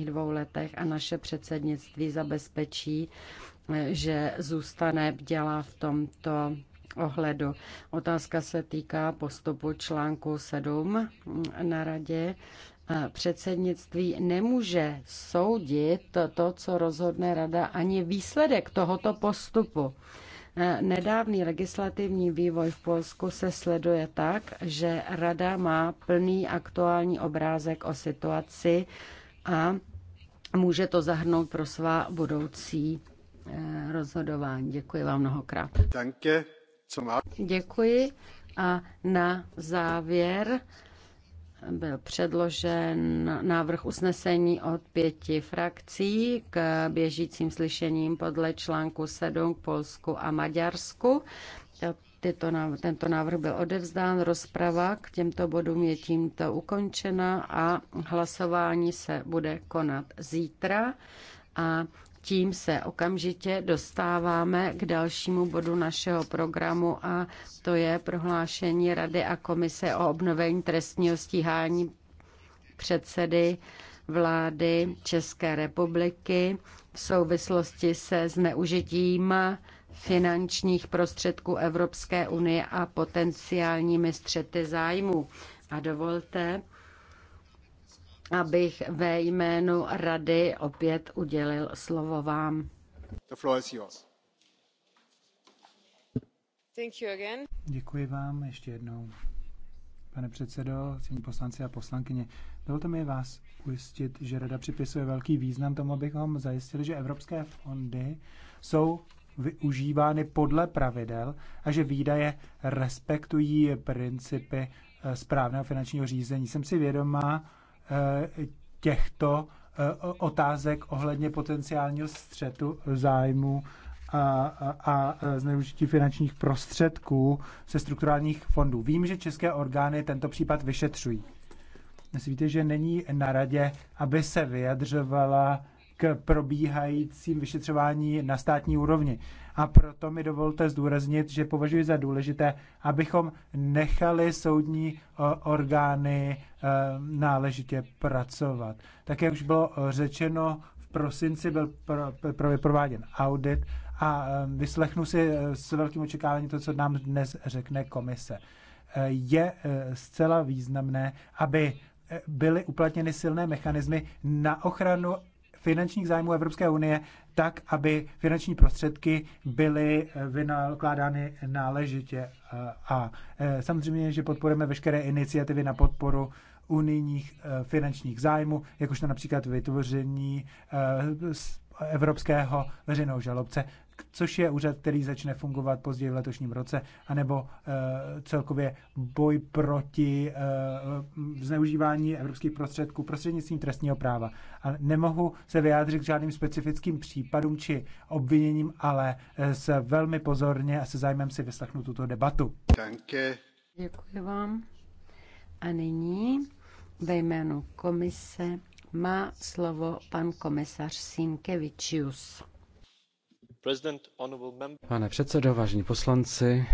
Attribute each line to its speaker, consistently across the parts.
Speaker 1: dvou letech a naše předsednictví zabezpečí, že zůstane dělá v tomto ohledu. Otázka se týká postupu článku 7 na radě. Předsednictví nemůže soudit to, co rozhodne rada, ani výsledek tohoto postupu. Nedávný legislativní vývoj v Polsku se sleduje tak, že rada má plný aktuální obrázek o situaci a může to zahrnout pro svá budoucí eh, rozhodování. Děkuji vám mnohokrát. Děkuji. A na závěr byl předložen návrh usnesení od pěti frakcí k běžícím slyšením podle článku 7 k Polsku a Maďarsku. Tyto, tento návrh byl odevzdán, rozprava k těmto bodům je tímto ukončena a hlasování se bude konat zítra. A tím se okamžitě dostáváme k dalšímu bodu našeho programu a to je prohlášení Rady a Komise o obnovení trestního stíhání předsedy vlády České republiky v souvislosti se zneužitím finančních prostředků Evropské unie a potenciálními střety zájmu. A dovolte, abych ve jménu Rady opět udělil slovo vám.
Speaker 2: The floor is yours.
Speaker 1: Thank you again.
Speaker 2: Děkuji vám ještě jednou. Pane předsedo, cení poslanci a poslankyně, dovolte mi vás ujistit, že Rada připisuje velký význam tomu, abychom zajistili, že evropské fondy jsou využívány podle pravidel a že výdaje respektují principy eh, správného finančního řízení. Jsem si vědomá eh, těchto eh, otázek ohledně potenciálního střetu zájmu a, a, a zneužití finančních prostředků ze strukturálních fondů. Vím, že české orgány tento případ vyšetřují. Myslíte, že není na radě, aby se vyjadřovala probíhajícím vyšetřování na státní úrovni. A proto mi dovolte zdůraznit, že považuji za důležité, abychom nechali soudní e, orgány e, náležitě pracovat. Tak jak už bylo e, řečeno, v prosinci byl prováděn audit a vyslechnu si s velkým očekáváním to, co nám dnes řekne komise. Je zcela významné, aby byly uplatněny silné mechanismy na ochranu finančních zájmů Evropské unie tak, aby finanční prostředky byly eh, vynakládány náležitě. Eh, a eh, samozřejmě, že podporujeme veškeré iniciativy na podporu unijních finančních zájmů, jakožto například vytvoření evropského veřejného žalobce což je úřad, který začne fungovat později v letošním roce, anebo eh, celkově boj proti eh, zneužívání evropských prostředků prostřednictvím trestního práva. A nemohu se vyjádřit k žádným specifickým případům či obviněním, ale eh, se velmi pozorně a se zájmem si vyslechnu tuto debatu.
Speaker 1: Danke. Děkuji vám. A nyní ve jménu komise má slovo pan komisař Sinkevičius.
Speaker 3: Pane předsedo, vážení poslanci,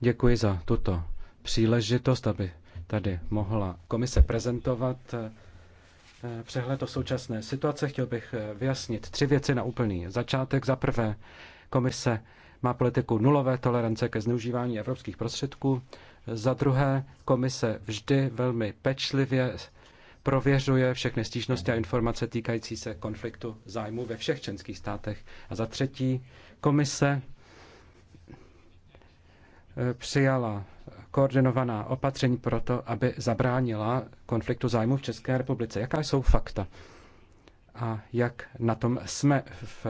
Speaker 3: děkuji za tuto příležitost, aby tady mohla komise prezentovat eh, přehled o současné situace. Chtěl bych eh, vyjasnit tři věci na úplný začátek. Za prvé, komise má politiku nulové tolerance ke zneužívání evropských prostředků. Za druhé, komise vždy velmi pečlivě prověřuje všechny stížnosti a informace týkající se konfliktu zájmu ve všech členských státech. A za třetí, komise eh, přijala koordinovaná opatření pro to, aby zabránila konfliktu zájmu v České republice. Jaká jsou fakta? A jak na tom jsme v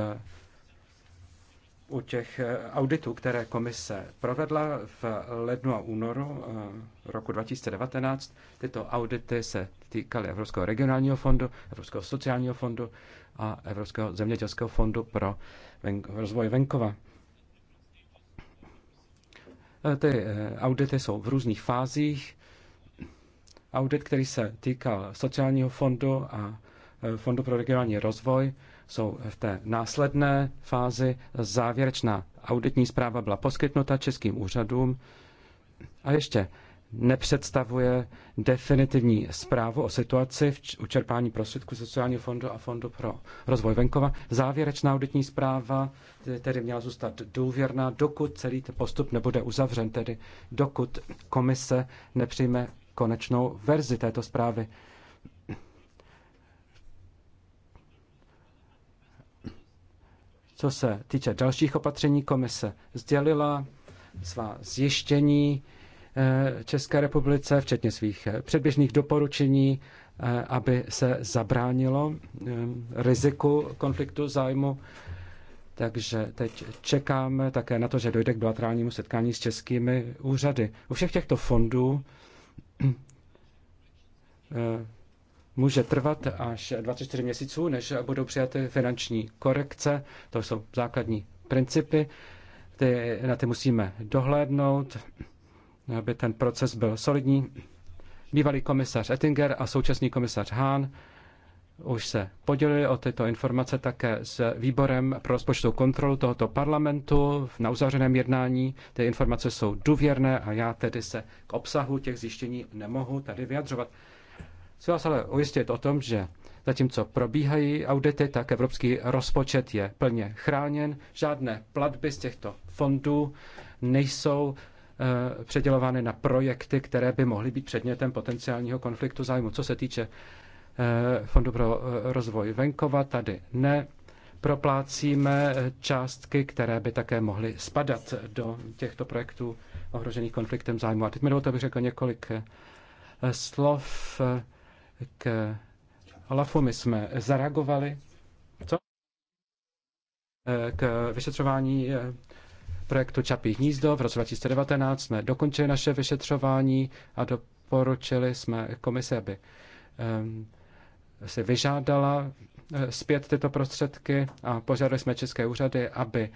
Speaker 3: u těch eh, auditů, které komise provedla v lednu a únoru eh, roku 2019, tyto audity se týkaly Evropského regionálního fondu, Evropského sociálního fondu a Evropského zemědělského fondu pro ven- rozvoj venkova. Eh, ty audity jsou v různých fázích. Audit, který se týkal sociálního fondu a Fondu pro regionální rozvoj, jsou v té následné fázi. Závěrečná auditní zpráva byla poskytnuta českým úřadům a ještě nepředstavuje definitivní zprávu o situaci v učerpání prostředků sociálního fondu a fondu pro rozvoj venkova. Závěrečná auditní zpráva tedy měla zůstat důvěrná, dokud celý ten postup nebude uzavřen, tedy dokud komise nepřijme konečnou verzi této zprávy. Co se týče dalších opatření, komise sdělila svá zjištění eh, České republice, včetně svých eh, předběžných doporučení, eh, aby se zabránilo riziku konfliktu zájmu. Takže teď čekáme také na to, že dojde k bilaterálnímu setkání s českými úřady. U všech těchto fondů může trvat až 24 měsíců, než budou přijaty finanční korekce. To jsou základní principy. Ty, na ty musíme dohlédnout, aby ten proces byl solidní. Bývalý komisař Ettinger a současný komisař Hahn už se podělili o tyto informace také s výborem pro rozpočtovou kontrolu tohoto parlamentu na uzavřeném jednání. Ty informace jsou důvěrné a já tedy se k obsahu těch zjištění nemohu tady vyjadřovat. Chci vás ale ujistit o tom, že zatímco probíhají audity, tak evropský rozpočet je plně chráněn. Žádné platby z těchto fondů nejsou eh, předělovány na projekty, které by mohly být předmětem potenciálního konfliktu zájmu. Co se týče eh, Fondu pro eh, rozvoj venkova, tady ne proplácíme částky, které by také mohly spadat do těchto projektů ohrožených konfliktem zájmu. A teď mi dovolte, abych řekl několik slov k Olafu. My jsme zareagovali co? E, k vyšetřování e, projektu Čapí hnízdo. V roce 2019 jsme dokončili naše vyšetřování a doporučili jsme komise, aby e, si vyžádala zpět tyto prostředky a požádali jsme české úřady, aby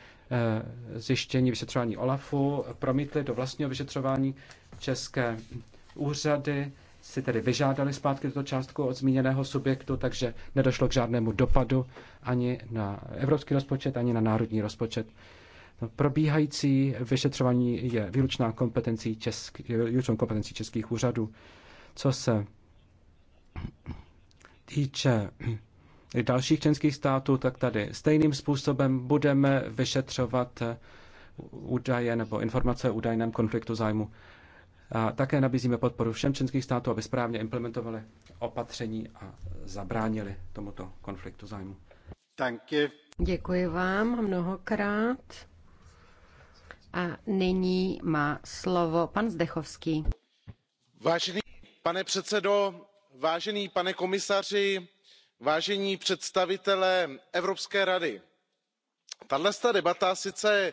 Speaker 3: zjištění vyšetřování OLAFu promítli do vlastního vyšetřování české úřady si tedy vyžádali zpátky tuto částku od zmíněného subjektu, takže nedošlo k žádnému dopadu ani na evropský rozpočet, ani na národní rozpočet. No, probíhající vyšetřování je výlučná kompetencí, česk, kompetencí českých úřadů. Co se týče dalších členských států, tak tady stejným způsobem budeme vyšetřovat údaje nebo informace o údajném konfliktu zájmu a také nabízíme podporu všem členských států, aby správně implementovali opatření a zabránili tomuto konfliktu zájmu.
Speaker 1: Děkuji vám mnohokrát. A nyní má slovo pan Zdechovský.
Speaker 4: Vážený pane předsedo, vážený pane komisaři, vážení představitelé Evropské rady. tato debata sice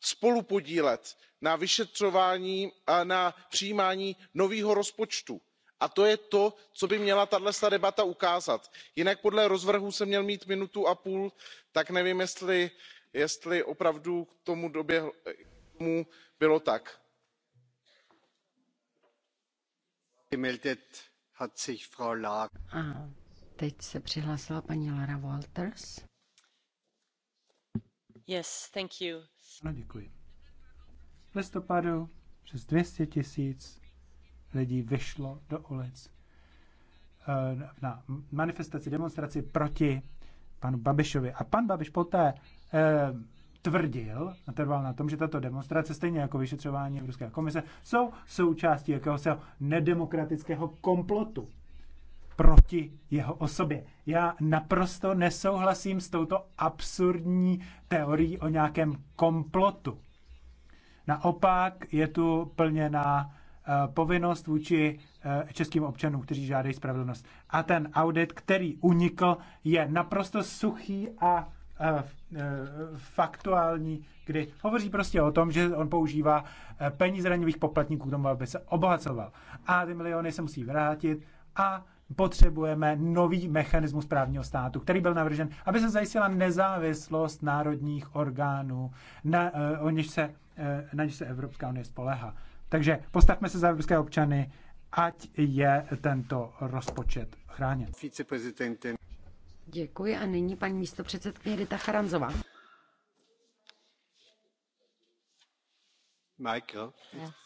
Speaker 4: spolupodílet na vyšetřování a na přijímání nového rozpočtu a to je to co by měla tato debata ukázat. jinak podle rozvrhu jsem měl mít minutu a půl tak nevím jestli opravdu tomu bylo tak.
Speaker 5: A
Speaker 1: teď se přihlásila paní Lara Walters.
Speaker 6: Yes, thank you.
Speaker 2: Ano, děkuji. V listopadu přes 200 tisíc lidí vyšlo do ulic eh, na manifestaci, demonstraci proti panu Babišovi. A pan Babiš poté eh, tvrdil a trval na tom, že tato demonstrace, stejně jako vyšetřování Evropské komise, jsou součástí jakéhosi nedemokratického komplotu proti jeho osobě. Já naprosto nesouhlasím s touto absurdní teorií o nějakém komplotu. Naopak je tu plněná eh, povinnost vůči eh, českým občanům, kteří žádají spravedlnost. A ten audit, který unikl, je naprosto suchý a eh, faktuální, kdy hovoří prostě o tom, že on používá peníze daňových poplatníků k tomu, aby se obohacoval. A ty miliony se musí vrátit a potřebujeme nový mechanismus právního státu, který byl navržen, aby se zajistila nezávislost národních orgánů, na, eh, o něž se, eh, na něž se Evropská unie spolehá. Takže postavme se za evropské občany, ať je tento rozpočet chráněn.
Speaker 1: Děkuji a nyní paní místopředsedkyně
Speaker 7: Rita Charanzová.
Speaker 5: Michael. Yeah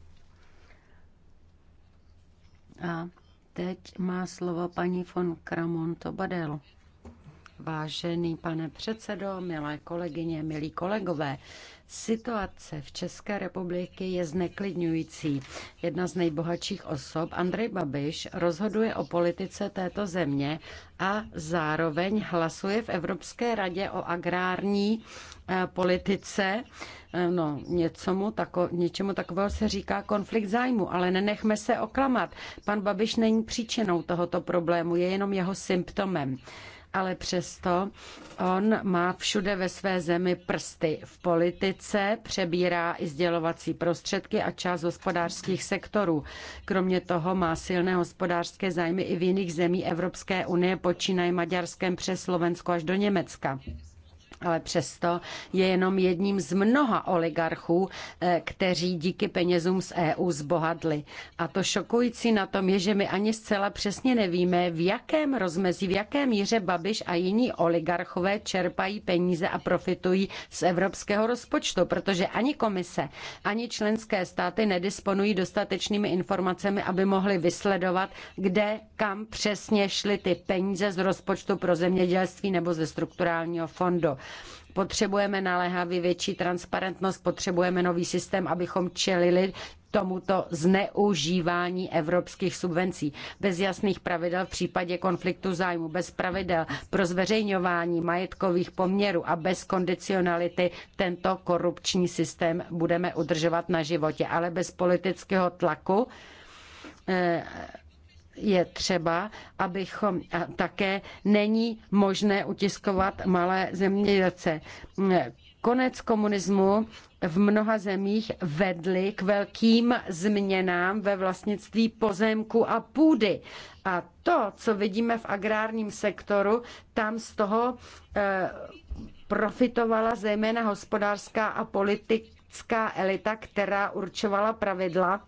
Speaker 1: A teď má slovo paní von Kramon Tobadel. Vážený pane předsedo, milé kolegyně, milí kolegové, situace v České republiky je zneklidňující. Jedna z nejbohatších osob, Andrej Babiš, rozhoduje o politice této země a zároveň hlasuje v Evropské radě o agrární eh, politice. Eh, no, mu tako, něčemu takového se říká konflikt zájmu, ale nenechme se oklamat. Pan Babiš není příčinou tohoto problému, je jenom jeho symptomem ale přesto on má všude ve své zemi prsty v politice, přebírá i sdělovací prostředky a část hospodářských sektorů. Kromě toho má silné hospodářské zájmy i v jiných zemí Evropské unie, počínaje Maďarskem přes Slovensko až do Německa ale přesto je jenom jedním z mnoha oligarchů, eh, kteří díky penězům z EU zbohatli. A to šokující na tom je, že my ani zcela přesně nevíme, v jakém rozmezí, v jaké míře Babiš a jiní oligarchové čerpají peníze a profitují z evropského rozpočtu, protože ani komise, ani členské státy nedisponují dostatečnými informacemi, aby mohli vysledovat, kde, kam přesně šly ty peníze z rozpočtu pro zemědělství nebo ze strukturálního fondu. Potřebujeme naléhavě větší transparentnost, potřebujeme nový systém, abychom čelili tomuto zneužívání evropských subvencí. Bez jasných pravidel v případě konfliktu zájmu, bez pravidel pro zveřejňování majetkových poměrů a bez kondicionality tento korupční systém budeme udržovat na životě, ale bez politického tlaku eh, je třeba, abychom a také není možné utiskovat malé zemědělce. Konec komunismu v mnoha zemích vedly k velkým změnám ve vlastnictví pozemku a půdy. A to, co vidíme v agrárním sektoru, tam z toho e, profitovala zejména hospodářská a politická elita, která určovala pravidla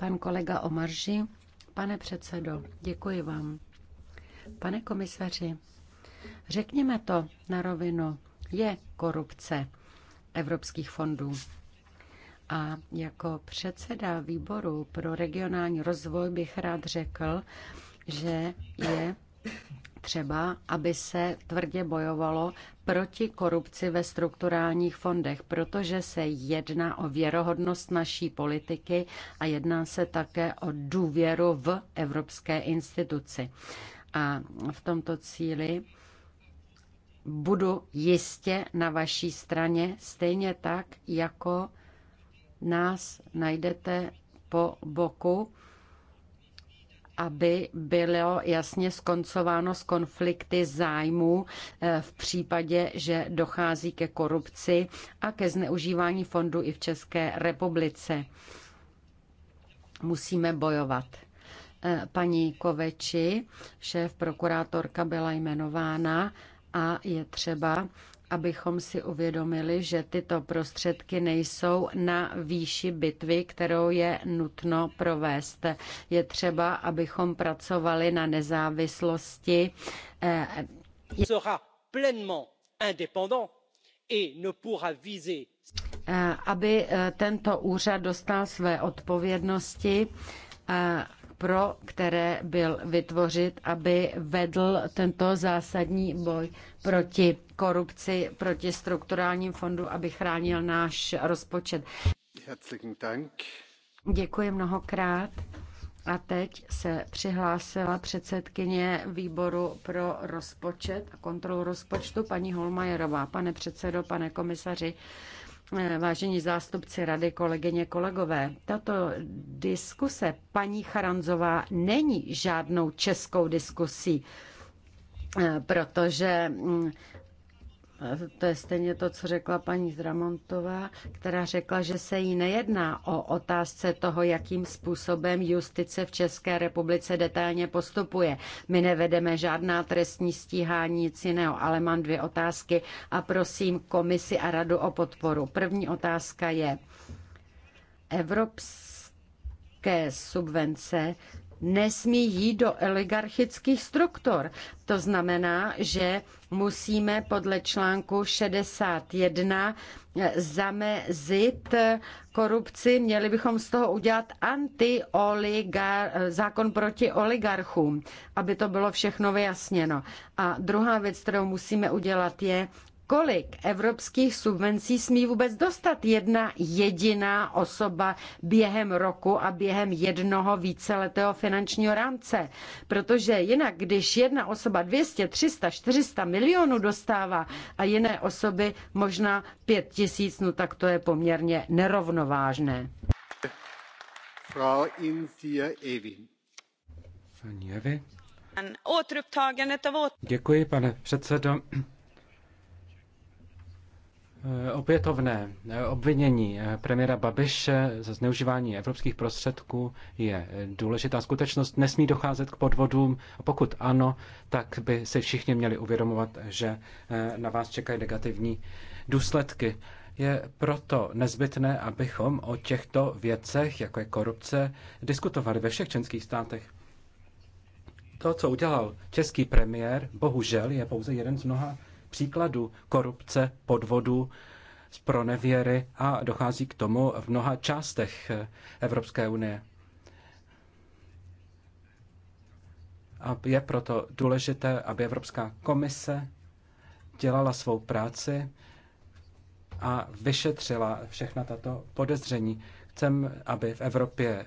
Speaker 1: Pan kolega Omarži, pane předsedo, děkuji vám. Pane komisaři, řekněme to na rovinu, je korupce evropských fondů. A jako předseda výboru pro regionální rozvoj bych rád řekl, že je třeba, aby se tvrdě bojovalo proti korupci ve strukturálních fondech, protože se jedná o věrohodnost naší politiky a jedná se také o důvěru v evropské instituci. A v tomto cíli budu jistě na vaší straně, stejně tak, jako nás najdete po boku aby bylo jasně skoncováno s konflikty zájmů eh, v případě, že dochází ke korupci a ke zneužívání fondu i v České republice. Musíme bojovat eh, paní Koveči, šéf prokurátorka byla jmenována a je třeba, abychom si uvědomili, že tyto prostředky nejsou na výši bitvy, kterou je nutno provést. Je třeba, abychom pracovali na nezávislosti. Eh, eh, aby eh, tento úřad dostal své odpovědnosti pro které byl vytvořit, aby vedl tento zásadní boj proti korupci, proti strukturálním fondu, aby chránil náš rozpočet. Děkuji mnohokrát. A teď se přihlásila předsedkyně výboru pro rozpočet a kontrolu rozpočtu paní Holmajerová. Pane předsedo, pane komisaři, Eh, vážení zástupci rady, kolegyně, kolegové, tato diskuse paní Charanzová není žádnou českou diskusí, eh, protože mm, to je stejně to, co řekla paní Zramontová, která řekla, že se jí nejedná o otázce toho, jakým způsobem justice v České republice detailně postupuje. My nevedeme žádná trestní stíhání, nic jiného, ale mám dvě otázky a prosím komisi a radu o podporu. První otázka je, evropské subvence nesmí jít do oligarchických struktur. To znamená, že musíme podle článku 61 zamezit korupci. Měli bychom z toho udělat anti-oligar, zákon proti oligarchům, aby to bylo všechno vyjasněno. A druhá věc, kterou musíme udělat, je, kolik evropských subvencí smí vůbec dostat jedna jediná osoba během roku a během jednoho víceletého finančního rámce. Protože jinak, když jedna osoba 200, 300, 400 milionů dostává a jiné osoby možná 5 tisíc, no tak to je poměrně nerovnovážné.
Speaker 5: Frau Intia Evin.
Speaker 3: Děkuji, pane předsedo. Eh, opětovné eh, obvinění eh, premiéra Babiše za zneužívání evropských prostředků je důležitá skutečnost. Nesmí docházet k podvodům. A Pokud ano, tak by se všichni měli uvědomovat, že na vás čekají negativní důsledky. Je proto nezbytné, abychom o těchto věcech, jako je korupce, diskutovali ve všech členských státech. To, co udělal český premiér, bohužel je pouze jeden z mnoha příkladů korupce, podvodu, z pronevěry a dochází k tomu v mnoha částech eh, Evropské unie. A je proto důležité, aby Evropská komise dělala svou práci a vyšetřila všechna tato podezření. Chcem, aby v Evropě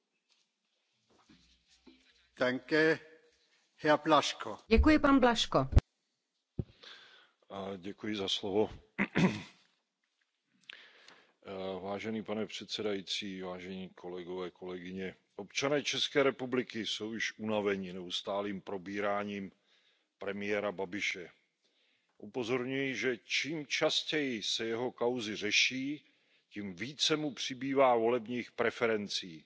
Speaker 1: Děkuji, pan
Speaker 8: Děkuji za slovo. Eh, vážený pane předsedající vážení kolegové kolegyně občané české republiky jsou již unaveni neustálým probíráním premiéra babiše. upozorňuji že čím častěji se jeho kauzy řeší tím více mu přibývá volebních preferencí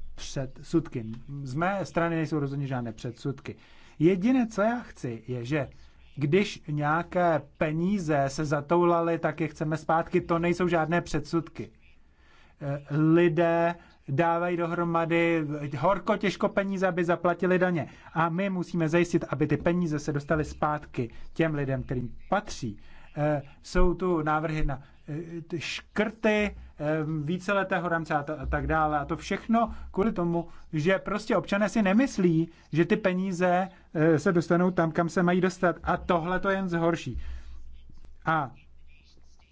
Speaker 2: předsudky. Z mé strany nejsou rozhodně žádné předsudky. Jediné, co já chci, je, že když nějaké peníze se zatoulaly, tak je chceme zpátky, to nejsou žádné předsudky. Eh, lidé dávají dohromady horko těžko peníze, aby zaplatili daně. A my musíme zajistit, aby ty peníze se dostaly zpátky těm lidem, kterým patří. Eh, jsou tu návrhy na ty škrty víceletého rámce a, a tak dále. A to všechno kvůli tomu, že prostě občané si nemyslí, že ty peníze e, se dostanou tam, kam se mají dostat. A tohle to jen zhorší. A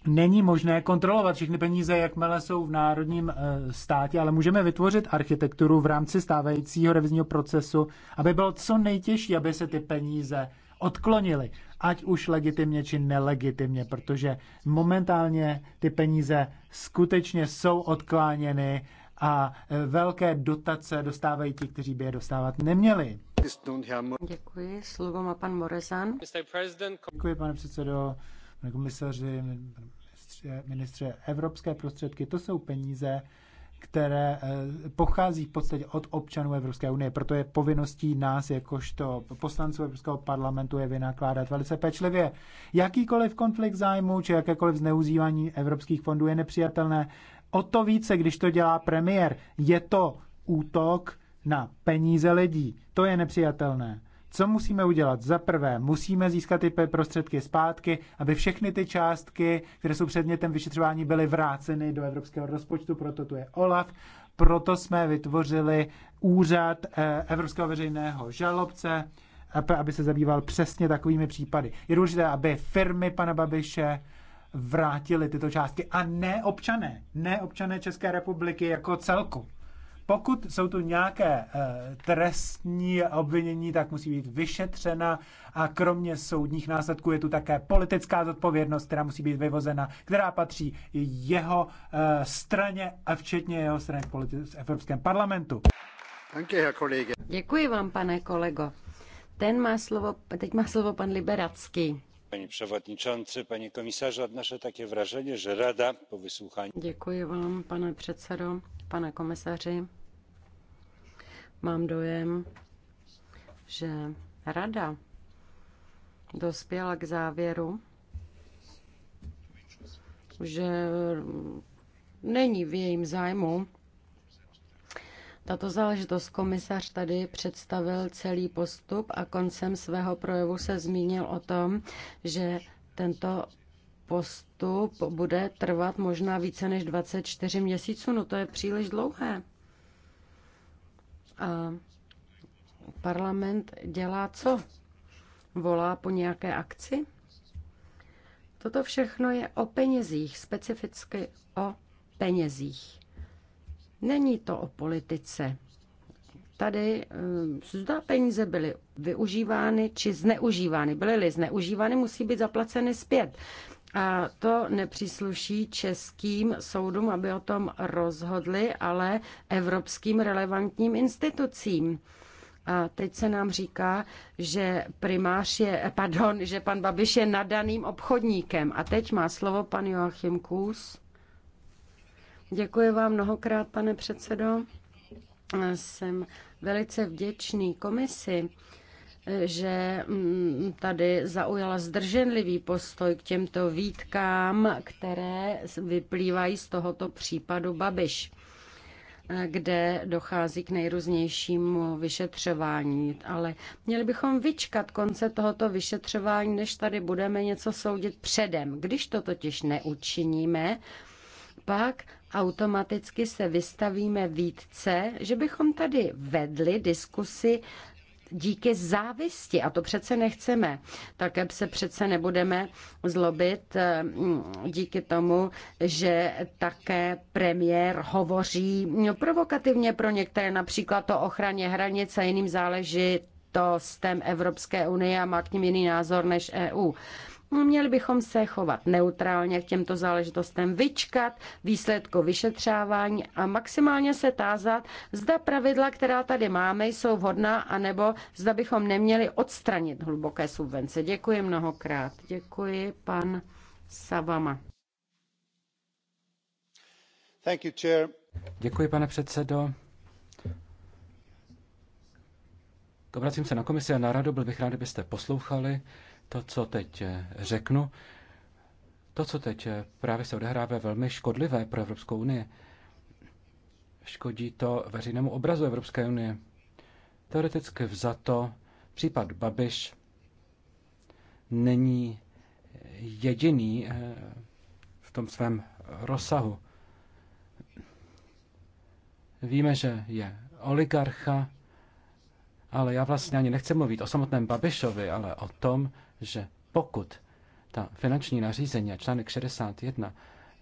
Speaker 2: není možné kontrolovat všechny peníze, jakmile jsou v národním e, státě, ale můžeme vytvořit architekturu v rámci stávajícího revizního procesu, aby bylo co nejtěžší, aby se ty peníze odklonili, ať už legitimně či nelegitimně, protože momentálně ty peníze skutečně jsou odkláněny a e, velké dotace dostávají ti, kteří by je dostávat neměli.
Speaker 1: Děkuji. Slovo má pan Morezan.
Speaker 2: Děkuji, pane předsedo, pane komisaři, ministře, ministře. Evropské prostředky, to jsou peníze, které eh, pochází v podstatě od občanů Evropské unie. Proto je povinností nás, jakožto poslanců Evropského parlamentu, je vynakládat velice pečlivě. Jakýkoliv konflikt zájmu či jakékoliv zneužívání evropských fondů je nepřijatelné. O to více, když to dělá premiér, je to útok na peníze lidí. To je nepřijatelné. Co musíme udělat? Za prvé, musíme získat ty prostředky zpátky, aby všechny ty částky, které jsou předmětem vyšetřování, byly vráceny do evropského rozpočtu, proto tu je OLAF, proto jsme vytvořili úřad eh, Evropského veřejného žalobce, eh, aby se zabýval přesně takovými případy. Je důležité, aby firmy pana Babiše vrátili tyto částky a ne občané, ne občané České republiky jako celku. Pokud jsou tu nějaké eh, trestní obvinění, tak musí být vyšetřena a kromě soudních následků je tu také politická zodpovědnost, která musí být vyvozena, která patří jeho eh, straně a včetně jeho strany v Evropském parlamentu.
Speaker 1: Děkuji vám, pane kolego. Ten má slovo, teď má slovo pan Liberacký.
Speaker 8: Pani przewodniczący, panie komisarzu, odnoszę takie wrażenie, że Rada po wysłuchaniu.
Speaker 1: Děkuji vám, pane předsedo, pane komisaři. Mám dojem, že rada dospěla k závěru, že není v jejím zájmu tato záležitost komisař tady představil celý postup a koncem svého projevu se zmínil o tom, že tento postup bude trvat možná více než 24 měsíců. No to je příliš dlouhé. A parlament dělá co? Volá po nějaké akci? Toto všechno je o penězích, specificky o penězích. Není to o politice. Tady eh, zda peníze byly využívány či zneužívány. Byly-li zneužívány, musí být zaplaceny zpět. A to nepřísluší českým soudům, aby o tom rozhodli, ale evropským relevantním institucím. A teď se nám říká, že primář je, eh, pardon, že pan Babiš je nadaným obchodníkem. A teď má slovo pan Joachim Kůz. Děkuji vám mnohokrát, pane předsedo. Jsem velice vděčný komisi že mm, tady zaujala zdrženlivý postoj k těmto výtkám, které vyplývají z tohoto případu Babiš kde dochází k nejrůznějšímu vyšetřování. Ale měli bychom vyčkat konce tohoto vyšetřování, než tady budeme něco soudit předem. Když to totiž neučiníme, pak automaticky se vystavíme výtce, že bychom tady vedli diskusy díky závisti. A to přece nechceme. tak se přece nebudeme zlobit eh, díky tomu, že také premiér hovoří provokativně pro některé, například o ochraně hranic a jiným záležitostem Evropské unie a má k ním jiný názor než EU. Měli bychom se chovat neutrálně k těmto záležitostem, vyčkat výsledku vyšetřávání a maximálně se tázat, zda pravidla, která tady máme, jsou vhodná, anebo zda bychom neměli odstranit hluboké subvence. Děkuji mnohokrát. Děkuji, pan Savama.
Speaker 5: Thank you, chair.
Speaker 3: Děkuji, pane předsedo. Obracím se na komisi a na radu, byl bych rád, kdybyste poslouchali to, co teď eh, řeknu, to, co teď eh, právě se odehrává, je velmi škodlivé pro Evropskou unii. Škodí to veřejnému obrazu Evropské unie. Teoreticky vzato, případ Babiš není jediný eh, v tom svém rozsahu. Víme, že je oligarcha, ale já vlastně ani nechci mluvit o samotném Babišovi, ale o tom, že pokud ta finanční nařízení a článek 61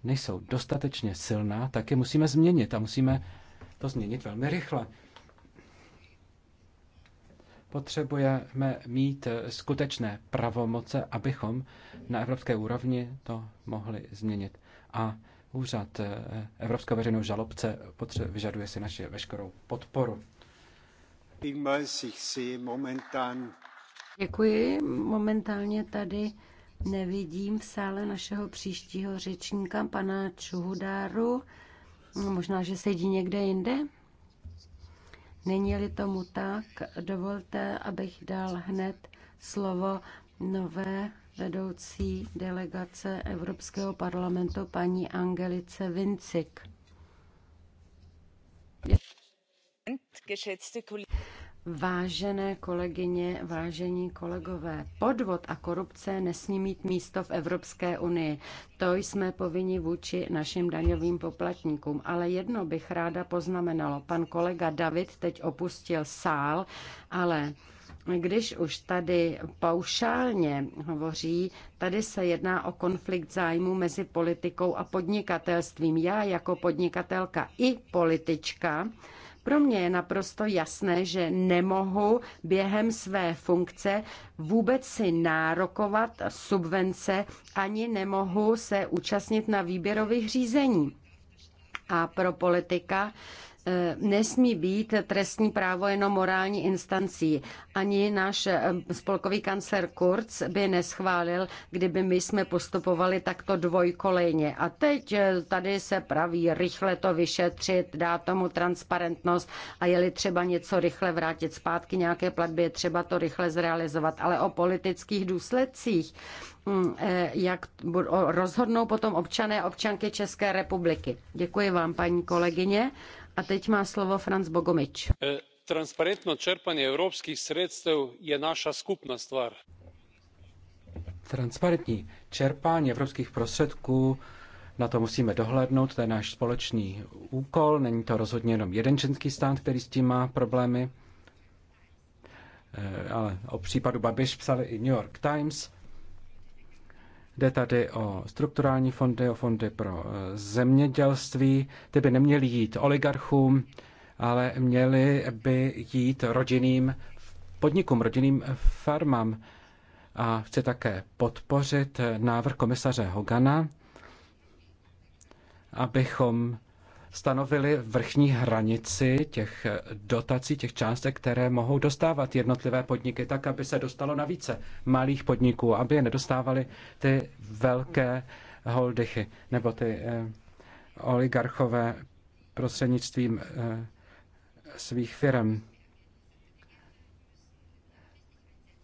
Speaker 3: nejsou dostatečně silná, tak je musíme změnit a musíme to změnit velmi rychle. Potřebujeme mít skutečné pravomoce, abychom na evropské úrovni to mohli změnit. A úřad eh, Evropského veřejného žalobce vyžaduje si naši veškerou podporu.
Speaker 5: Immer sich momentan
Speaker 1: Děkuji. Momentálně tady nevidím v sále našeho příštího řečníka, pana Čuhudáru. Možná, že sedí někde jinde? Není-li tomu tak, dovolte, abych dal hned slovo nové vedoucí delegace Evropského parlamentu paní Angelice Vincik. Vážené kolegyně, vážení kolegové, podvod a korupce nesmí mít místo v Evropské unii. To jsme povinni vůči našim daňovým poplatníkům. Ale jedno bych ráda poznamenalo. Pan kolega David teď opustil sál, ale když už tady paušálně hovoří, tady se jedná o konflikt zájmu mezi politikou a podnikatelstvím. Já jako podnikatelka i politička pro mě je naprosto jasné, že nemohu během své funkce vůbec si nárokovat subvence, ani nemohu se účastnit na výběrových řízení. A pro politika E, nesmí být trestní právo jenom morální instancí. Ani náš e, spolkový kancler Kurz by neschválil, kdyby my jsme postupovali takto dvojkolejně. A teď e, tady se praví rychle to vyšetřit, dá tomu transparentnost a je-li třeba něco rychle vrátit zpátky, nějaké platby, je třeba to rychle zrealizovat. Ale o politických důsledcích mm, jak rozhodnou potom občané občanky České republiky. Děkuji vám, paní kolegyně. A teď má slovo Franz Bogomič.
Speaker 9: E, transparentno čerpanje evropských sredstev je naša skupna stvar.
Speaker 3: Transparentní čerpání evropských prostředků na to musíme dohlédnout, to je náš společný úkol, není to rozhodně jenom jeden členský stát, který s tím má problémy. E, ale o případu Babiš psali i New York Times. Jde tady o strukturální fondy, o fondy pro e, zemědělství. Ty by neměly jít oligarchům, ale měly by jít rodinným podnikům, rodinným farmám. A chci také podpořit návrh komisaře Hogana, abychom stanovili vrchní hranici těch dotací, těch částek, které mohou dostávat jednotlivé podniky, tak, aby se dostalo na více malých podniků, aby je nedostávaly ty velké holdychy nebo ty eh, oligarchové prostřednictvím eh, svých firm.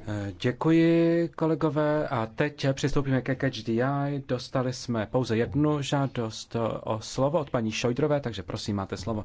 Speaker 3: Eh, děkuji, kolegové. A teď přistoupíme ke Catch the Eye. Dostali jsme pouze jednu žádost o slovo od paní Šojdrové, takže prosím, máte slovo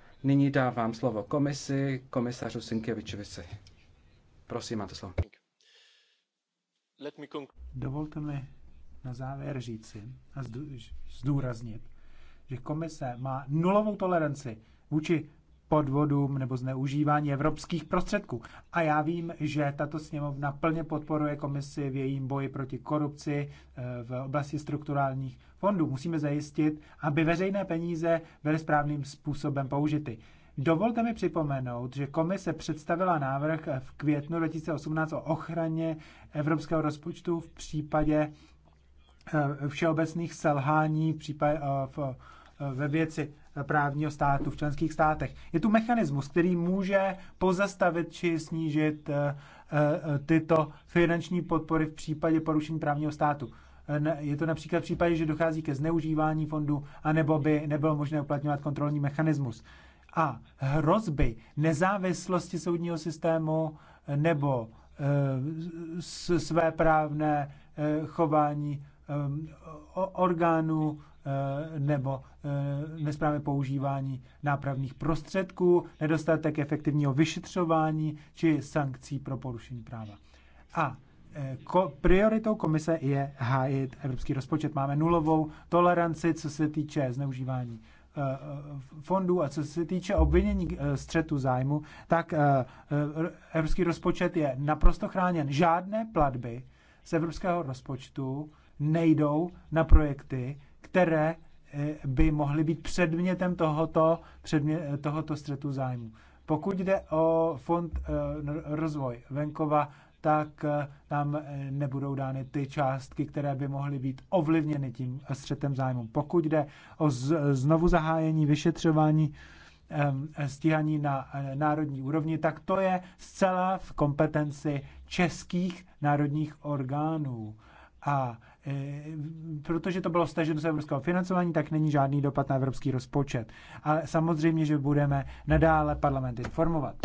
Speaker 3: Nyní dávám slovo komisi, komisařu Sinkěvičovici. Prosím, máte slovo.
Speaker 2: Dovolte mi na závěr říci a zdůraznit, že komise má nulovou toleranci vůči podvodům nebo zneužívání evropských prostředků. A já vím, že tato sněmovna plně podporuje komisi v jejím boji proti korupci eh, v oblasti strukturálních fondů. Musíme zajistit, aby veřejné peníze byly správným způsobem použity. Dovolte mi připomenout, že komise představila návrh v květnu 2018 o ochraně evropského rozpočtu v případě eh, všeobecných selhání v případě, eh, v, ve věci právního státu v členských státech. Je tu mechanismus, který může pozastavit či snížit eh, eh, tyto finanční podpory v případě porušení právního státu. Eh, je to například v případě, že dochází ke zneužívání fondu, anebo by nebylo možné uplatňovat kontrolní mechanismus. A hrozby nezávislosti soudního systému nebo své právné chování orgánů Eh, nebo eh, nesprávné používání nápravných prostředků, nedostatek efektivního vyšetřování či sankcí pro porušení práva. A eh, ko- prioritou komise je hájit evropský rozpočet. Máme nulovou toleranci, co se týče zneužívání fondů a co se týče obvinění střetu zájmu, tak evropský rozpočet je naprosto chráněn. Žádné platby z evropského rozpočtu nejdou na projekty, které eh, by mohly být předmětem tohoto, předmě, eh, tohoto střetu zájmu. Pokud jde o fond eh, rozvoj venkova, tak nám nebudou dány ty částky, které by mohly být ovlivněny tím střetem zájmu. Pokud jde o znovu zahájení vyšetřování stíhaní na národní úrovni, tak to je zcela v kompetenci českých národních orgánů. A Eh, protože to bylo staženo z evropského financování, tak není žádný dopad na evropský rozpočet. Ale samozřejmě, že budeme nadále parlament informovat.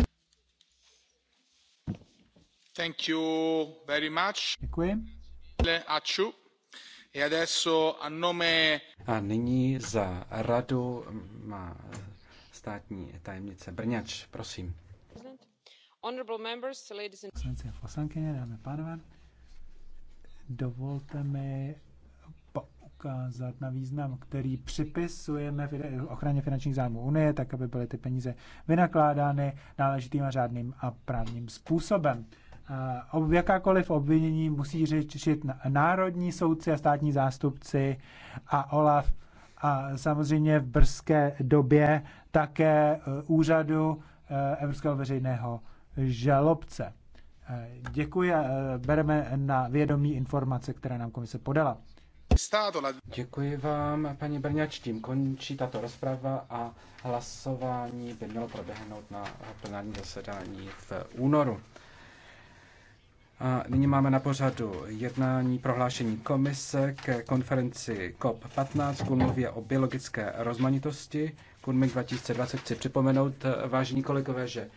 Speaker 4: Thank you very much. Děkuji. E
Speaker 3: a nyní za radu má státní tajemnice Brňač, prosím.
Speaker 6: Honorable members, ladies
Speaker 2: and gentlemen. Dovolte mi poukázat na význam, který připisujeme ochraně finančních zájmů Unie, tak aby byly ty peníze vynakládány náležitým a řádným a právním způsobem. Jakákoliv obvinění musí řešit národní soudci a státní zástupci a OLAF a samozřejmě v brzké době také e, úřadu e, Evropského veřejného žalobce. Děkuji a e, bereme na vědomí informace, které nám komise podala.
Speaker 3: Děkuji vám, paní Brňač, tím končí tato rozprava a hlasování by mělo proběhnout na plenární zasedání v únoru. A nyní máme na pořadu jednání prohlášení komise ke konferenci COP15 k úmluvě o biologické rozmanitosti. Kunmik 2020 chci připomenout, e, vážení kolegové, že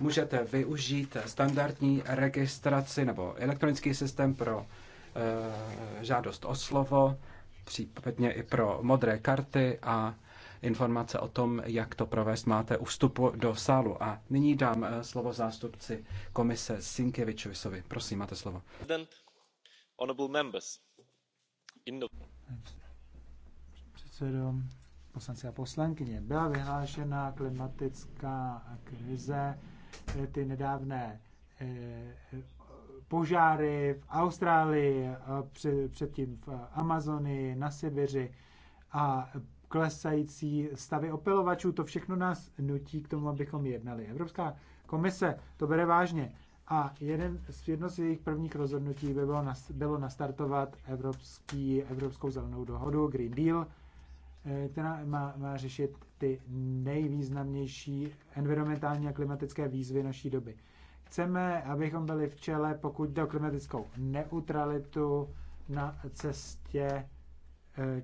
Speaker 3: můžete využít standardní registraci nebo elektronický systém pro eh, žádost o slovo, případně i pro modré karty a informace o tom, jak to provést, máte u vstupu do sálu. A nyní dám eh, slovo zástupci komise Sinkevičovisovi. Prosím, máte slovo.
Speaker 2: Předsedo, poslanci a poslankyně, byla vyhlášena klimatická krize Eh, ty nedávné eh, požáry v Austrálii, eh, předtím v Amazonii, na Sibiři a klesající stavy opilovačů, to všechno nás nutí k tomu, abychom jednali. Evropská komise to bere vážně a jeden z, jedno z jejich prvních rozhodnutí by bylo, bylo nastartovat Evropský, Evropskou zelenou dohodu, Green Deal, Eh, která má, má řešit ty nejvýznamnější environmentální a klimatické výzvy naší doby. Chceme, abychom byli v čele, pokud jde o klimatickou neutralitu na cestě eh,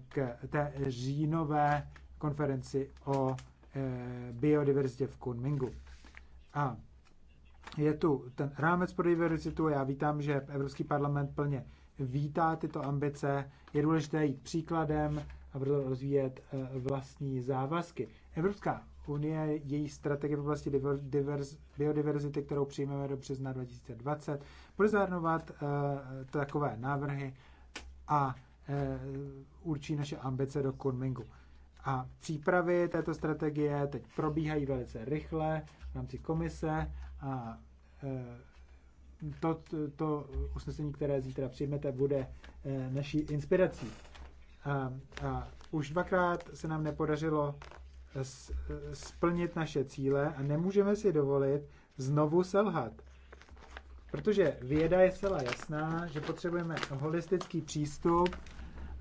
Speaker 2: k té říjnové konferenci o eh, biodiverzitě v Kunmingu. A je tu ten rámec pro diverzitu a já vítám, že Evropský parlament plně vítá tyto ambice. Je důležité jít příkladem a rozvíjet eh, vlastní závazky. Evropská unie, její strategie v oblasti divers, biodiverzity, kterou přijmeme do března 2020, bude zahrnovat uh, takové návrhy a uh, určí naše ambice do Kunmingu. A přípravy této strategie teď probíhají velice rychle v rámci komise a to, to, to usnesení, které zítra přijmete, bude naší inspirací. A, a už dvakrát se nám nepodařilo splnit naše cíle a nemůžeme si dovolit znovu selhat. Protože věda je celá jasná, že potřebujeme holistický přístup,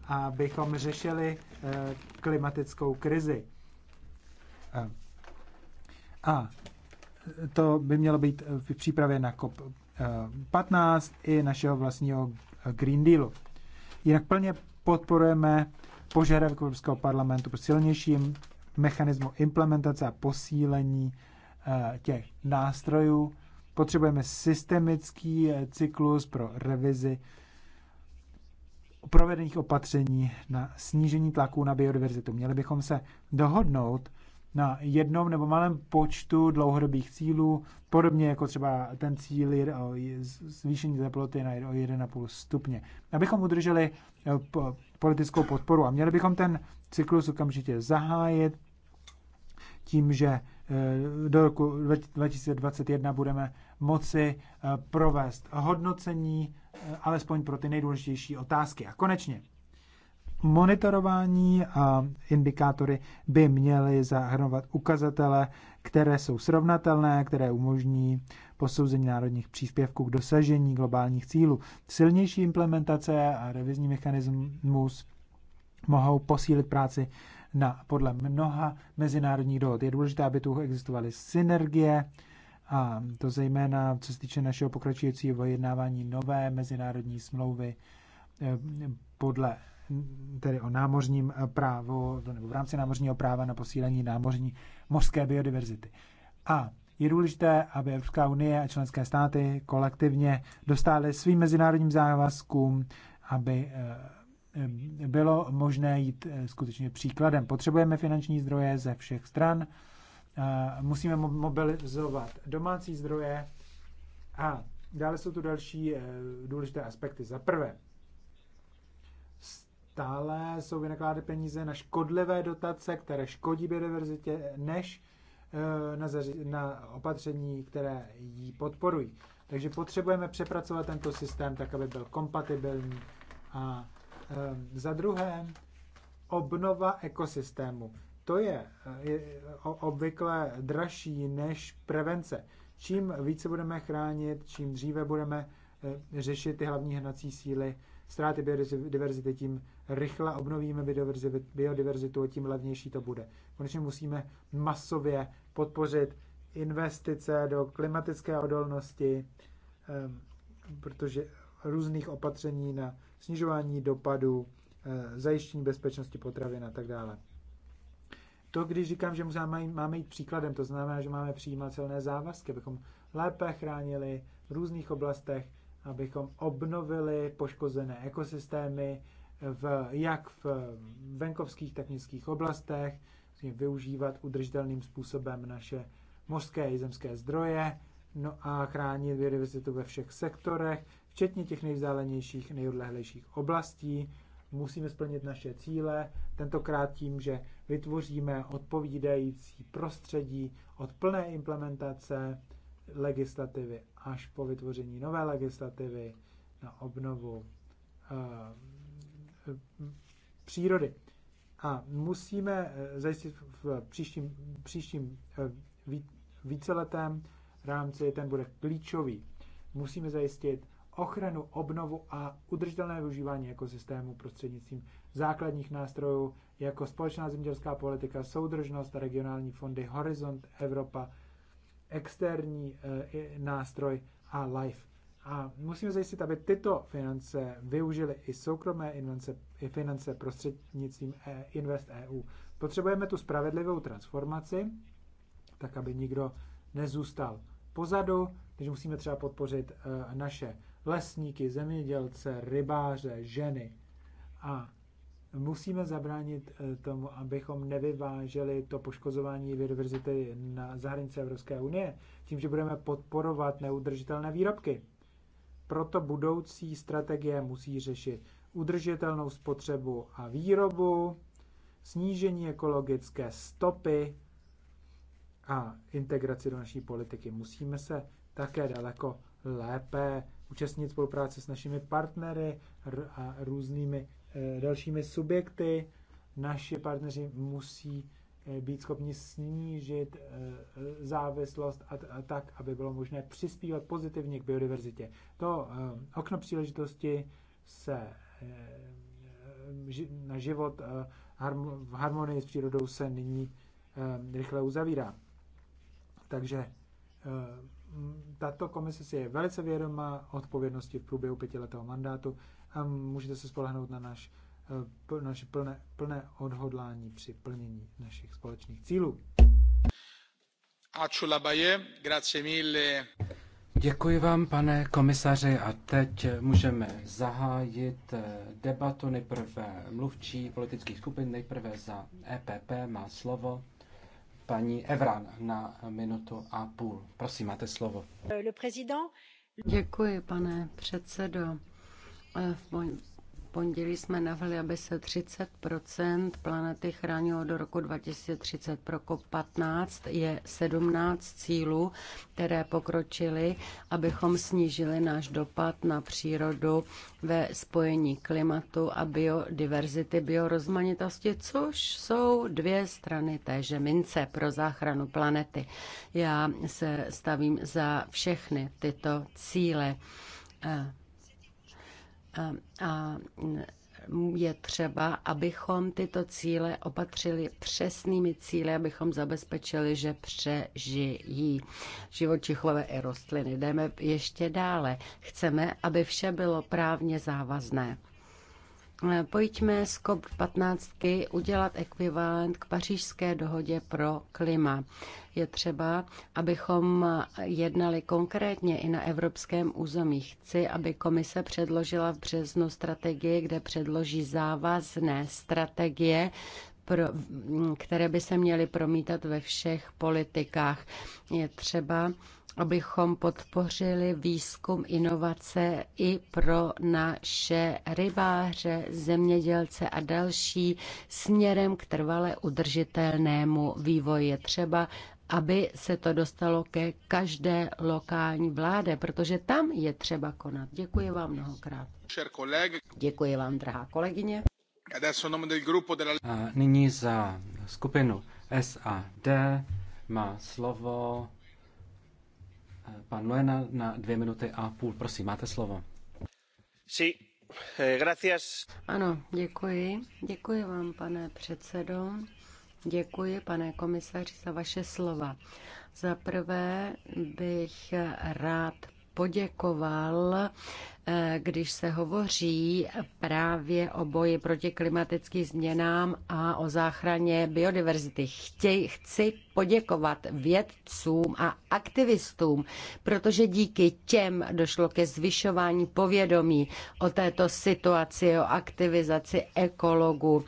Speaker 2: abychom řešili e, klimatickou krizi. A, e, a to by mělo být v přípravě na COP15 e, i našeho vlastního Green Dealu. Jinak plně podporujeme požadavek Evropského parlamentu pro silnějším mechanismu implementace a posílení eh, těch nástrojů. Potřebujeme systemický eh, cyklus pro revizi provedených opatření na snížení tlaku na biodiverzitu. Měli bychom se dohodnout na jednom nebo malém počtu dlouhodobých cílů, podobně jako třeba ten cíl zvýšení teploty na 1,5 stupně. Abychom udrželi eh, politickou podporu a měli bychom ten cyklus okamžitě zahájit tím, že eh, do roku 2021 budeme moci eh, provést hodnocení alespoň pro ty nejdůležitější otázky. A konečně Monitorování a indikátory by měly zahrnovat ukazatele, které jsou srovnatelné, které umožní posouzení národních příspěvků k dosažení globálních cílů. Silnější implementace a revizní mechanismus mohou posílit práci na podle mnoha mezinárodních dohod. Je důležité, aby tu existovaly synergie, a to zejména co se týče našeho pokračujícího vyjednávání nové mezinárodní smlouvy eh, podle tedy o námořním eh, právu, nebo v rámci námořního práva na posílení námořní mořské biodiverzity. A je důležité, aby Evropská unie a členské státy kolektivně dostály svým mezinárodním závazkům, aby eh, bylo možné jít eh, skutečně příkladem. Potřebujeme finanční zdroje ze všech stran, musíme mobilizovat domácí zdroje a dále jsou tu další důležité aspekty. Za prvé, stále jsou vynakládány peníze na škodlivé dotace, které škodí biodiverzitě, než eh, na, zaři- na opatření, které ji podporují. Takže potřebujeme přepracovat tento systém tak, aby byl kompatibilní. A um, za druhé, obnova ekosystému. To je, eh, je obvykle dražší než prevence. Čím více budeme chránit, čím dříve budeme řešit ty hlavní hnací síly, ztráty biodiverzity, tím rychle obnovíme biodiverzitu a tím levnější to bude. Konečně musíme masově podpořit investice do klimatické odolnosti, ehm, protože různých opatření na snižování dopadů, eh, zajištění bezpečnosti potravin a tak dále. To, když říkám, že máme, máme jít příkladem, to znamená, že máme přijímat silné závazky, abychom lépe chránili v různých oblastech abychom obnovili poškozené ekosystémy v, jak v venkovských, tak městských oblastech, vlastně využívat udržitelným způsobem naše mořské i zemské zdroje, no a chránit biodiverzitu ve všech sektorech, včetně těch nejvzdálenějších, nejodlehlejších oblastí. Musíme splnit naše cíle, tentokrát tím, že vytvoříme odpovídající prostředí od plné implementace legislativy až po vytvoření nové legislativy na obnovu uh, přírody. A musíme eh, zajistit v příštím, příštím eh, víceletém rámci, ten bude klíčový. Musíme zajistit ochranu, obnovu a udržitelné využívání ekosystému prostřednictvím základních nástrojů jako společná zemědělská politika, soudržnost a regionální fondy Horizont Evropa externí eh, nástroj a LIFE. A musíme zajistit, aby tyto finance využily i soukromé finance, i finance prostřednictvím eh, Invest EU. Potřebujeme tu spravedlivou transformaci, tak aby nikdo nezůstal pozadu, takže musíme třeba podpořit eh, naše lesníky, zemědělce, rybáře, ženy. A musíme zabránit eh, tomu, abychom nevyváželi to poškozování biodiverzity na zahranice Evropské unie, tím, že budeme podporovat neudržitelné výrobky. Proto budoucí strategie musí řešit udržitelnou spotřebu a výrobu, snížení ekologické stopy a integraci do naší politiky. Musíme se také daleko lépe účastnit spolupráce s našimi partnery a různými Eh, dalšími subjekty. Naši partneři musí eh, být schopni snížit eh, závislost a, a tak, aby bylo možné přispívat pozitivně k biodiverzitě. To okno příležitosti se na život v harmonii s přírodou se nyní rychle uzavírá. Takže tato komise si je velice vědomá odpovědnosti v průběhu pětiletého mandátu a můžete se spolehnout na naš, eh, naše plné, plné odhodlání při plnění našich společných cílů.
Speaker 3: Děkuji vám, pane komisaři, a teď můžeme zahájit eh, debatu. Nejprve mluvčí politických skupin, nejprve za EPP má slovo paní Evran na minutu a půl. Prosím, máte slovo.
Speaker 1: Děkuji, pane předsedo. Eh, v pondělí jsme navrhli, aby se 30 planety chránilo do roku 2030. Pro COP15 je 17 cílů, které pokročily, abychom snížili náš dopad na přírodu ve spojení klimatu a biodiverzity, biorozmanitosti, což jsou dvě strany téže mince pro záchranu planety. Já se stavím za všechny tyto cíle. Eh, a je třeba, abychom tyto cíle opatřili přesnými cíly, abychom zabezpečili, že přežijí živočichové i rostliny. Jdeme ještě dále. Chceme, aby vše bylo právně závazné. Eh, pojďme z COP15 udělat ekvivalent k pařížské dohodě pro klima. Je třeba, abychom jednali konkrétně i na evropském území. Chci, aby komise předložila v březnu strategii, kde předloží závazné strategie pro, které by se měly promítat ve všech politikách. Je třeba, abychom podpořili výzkum inovace i pro naše rybáře, zemědělce a další směrem k trvale udržitelnému vývoji. Je třeba, aby se to dostalo ke každé lokální vládě, protože tam je třeba konat. Děkuji vám mnohokrát. Děkuji vám, drahá kolegyně. A nyní za skupinu
Speaker 3: SAD má slovo pan Luena na dvě minuty a půl. Prosím, máte slovo.
Speaker 2: Sí. Eh, gracias.
Speaker 1: Ano, děkuji. Děkuji vám, pane předsedo. Děkuji, pane komisaři, za vaše slova. Za prvé bych rád poděkoval, eh, když se hovoří právě o boji proti klimatickým změnám a o záchraně biodiverzity. Chtěj, chci poděkovat vědcům a aktivistům, protože díky těm došlo ke zvyšování povědomí o této situaci, o aktivizaci ekologů.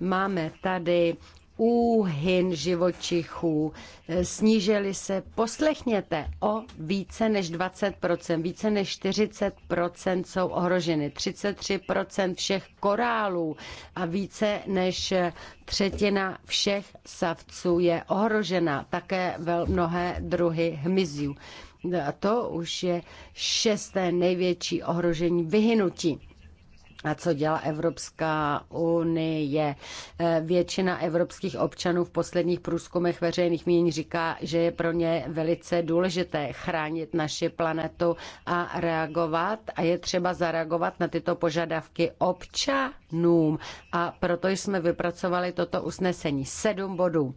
Speaker 1: Máme tady úhyn živočichů. Snížily se, poslechněte, o více než 20%, více než 40% jsou ohroženy, 33% všech korálů a více než třetina všech savců je ohrožena, také vel mnohé druhy hmyzů. A to už je šesté největší ohrožení vyhynutí a co dělá Evropská unie. Eh, většina evropských občanů v posledních průzkumech veřejných mění, říká, že je pro ně velice důležité chránit naši planetu a reagovat a je třeba zareagovat na tyto požadavky občanům. A proto jsme vypracovali toto usnesení. Sedm bodů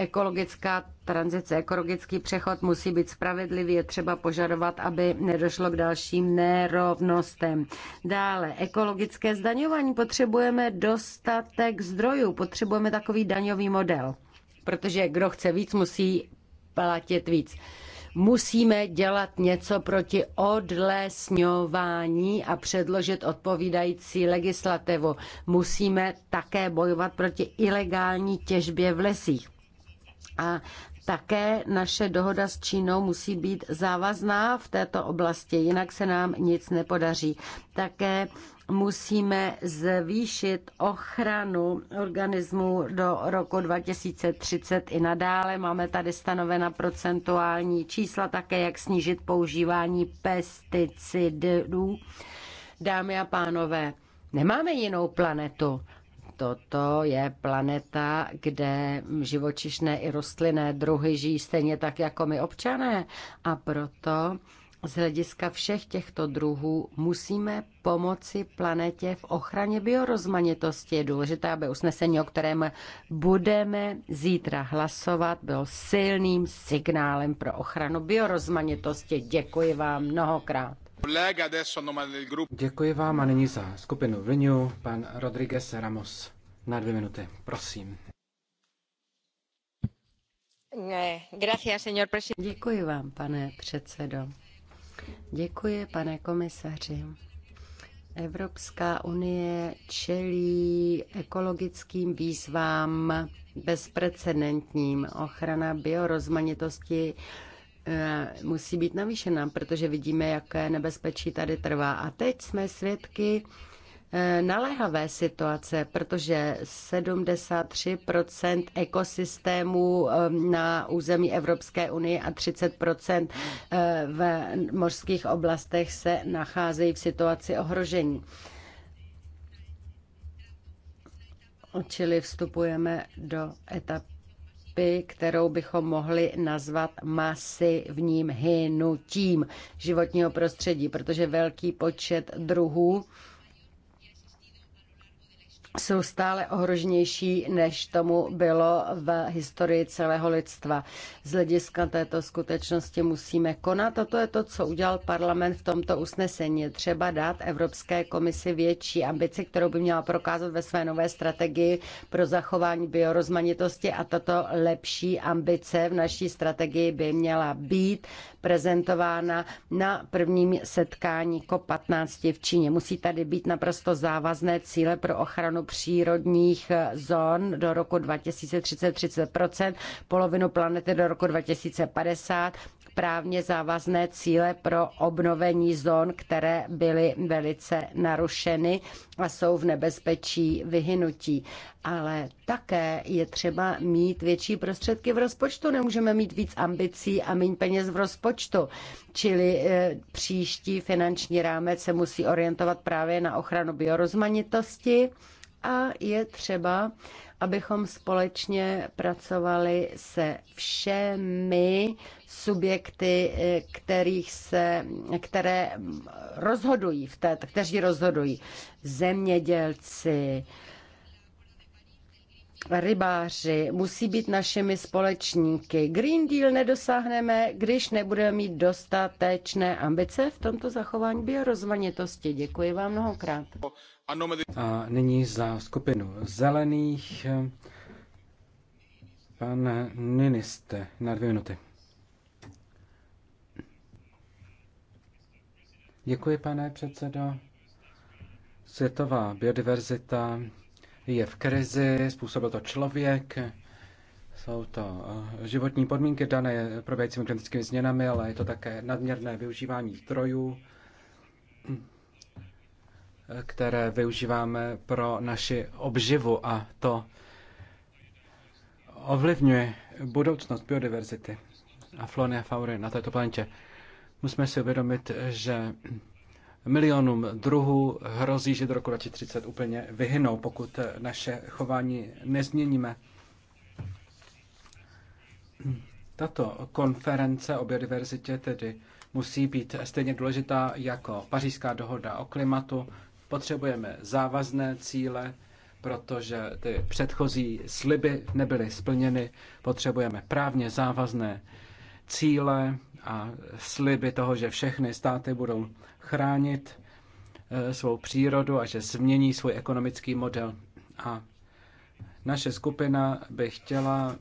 Speaker 1: ekologická tranzice, ekologický přechod musí být spravedlivý, je třeba požadovat, aby nedošlo k dalším nerovnostem. Dále, ekologické zdaňování potřebujeme dostatek zdrojů, potřebujeme takový daňový model, protože kdo chce víc, musí platit víc musíme dělat něco proti odlesňování a předložit odpovídající legislativu. Musíme také bojovat proti ilegální těžbě v lesích. A také naše dohoda s Čínou musí být závazná v této oblasti, jinak se nám nic nepodaří. Také musíme zvýšit ochranu organismů do roku 2030 i nadále. Máme tady stanovena procentuální čísla, také jak snížit používání pesticidů. Dámy a pánové, nemáme jinou planetu. Toto je planeta, kde živočišné i rostlinné druhy žijí stejně tak jako my občané. A proto z hlediska všech těchto druhů musíme pomoci planetě v ochraně biorozmanitosti. Je důležité, aby usnesení, o kterém budeme zítra hlasovat, bylo silným signálem pro ochranu biorozmanitosti. Děkuji vám mnohokrát. Děkuji vám a nyní za
Speaker 3: skupinu Vinu, pan Rodriguez Ramos. Na dvě minuty, prosím.
Speaker 1: Děkuji vám, pane předsedo. Děkuji, pane komisaři. Evropská unie čelí ekologickým výzvám bezprecedentním. Ochrana biorozmanitosti Eh, musí být navýšena, protože vidíme, jaké nebezpečí tady trvá. A teď jsme svědky eh, naléhavé situace, protože 73% ekosystémů eh, na území Evropské unie a 30% v mořských oblastech se nacházejí v situaci ohrožení. Čili vstupujeme do etapy Evropy, kterou bychom mohli nazvat masivním hynutím životního prostředí, protože velký počet druhů jsou stále ohrožnější, než tomu bylo v historii celého lidstva. Z hlediska této skutečnosti musíme konat a to je to, co udělal parlament v tomto usnesení. Třeba dát Evropské komisi větší ambici, kterou by měla prokázat ve své nové strategii pro zachování biorozmanitosti a tato lepší ambice v naší strategii by měla být prezentována na prvním setkání COP15 v Číně. Musí tady být naprosto závazné cíle pro ochranu přírodních zón do roku 2030 30%, polovinu planety do roku 2050, právně závazné cíle pro obnovení zón, které byly velice narušeny a jsou v nebezpečí vyhynutí. Ale také je třeba mít větší prostředky v rozpočtu. Nemůžeme mít víc ambicí a méně peněz v rozpočtu. Čili eh, příští finanční rámec se musí orientovat právě na ochranu biorozmanitosti a je třeba, abychom společně pracovali se všemi subjekty, eh, kterých se, které rozhodují, v té, kteří rozhodují. Zemědělci, rybáři musí být našimi společníky. Green Deal nedosáhneme, když nebudeme mít dostatečné ambice v tomto zachování biorozmanitosti. Děkuji vám mnohokrát.
Speaker 3: A nyní za skupinu zelených pan Niniste na dvě minuty. Děkuji, pane předsedo. Světová biodiverzita je v krizi, způsobil to člověk, jsou to eh, životní podmínky dané probějícími klimatickými změnami, ale je to také nadměrné využívání zdrojů, které využíváme pro naši obživu a to ovlivňuje budoucnost biodiverzity a flony a faury na této planetě. Musíme si uvědomit, že milionům druhů hrozí, že do roku 2030 úplně vyhynou, pokud naše chování nezměníme. Tato konference o biodiverzitě tedy musí být stejně důležitá jako pařížská dohoda o klimatu. Potřebujeme závazné cíle, protože ty předchozí sliby nebyly splněny. Potřebujeme právně závazné cíle a sliby toho, že všechny státy budou chránit eh, svou přírodu a že změní svůj ekonomický model. A naše skupina by chtěla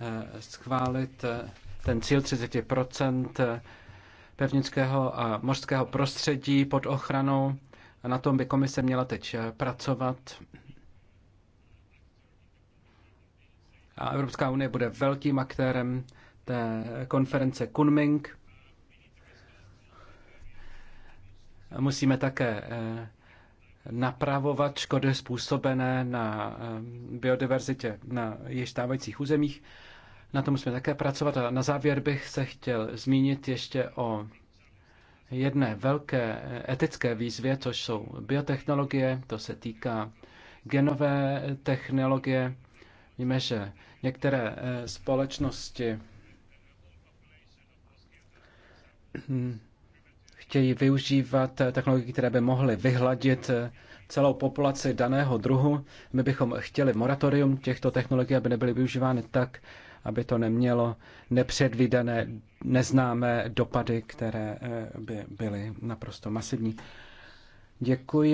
Speaker 3: eh, schválit eh, ten cíl 30% pevnického a mořského prostředí pod ochranou. A na tom by komise měla teď pracovat. A Evropská unie bude velkým aktérem té konference Kunming. Musíme také eh, napravovat škody způsobené na eh, biodiverzitě na již stávajících územích. Na tom musíme také pracovat a na závěr bych se chtěl zmínit ještě o jedné velké eh, etické výzvě, což jsou biotechnologie, to se týká genové technologie. Víme, že některé společnosti chtějí využívat technologie, které by mohly vyhladit celou populaci daného druhu. My bychom chtěli moratorium těchto technologií, aby nebyly využívány tak, aby to nemělo nepředvídané, neznámé dopady, které eh, by byly naprosto masivní. Děkuji.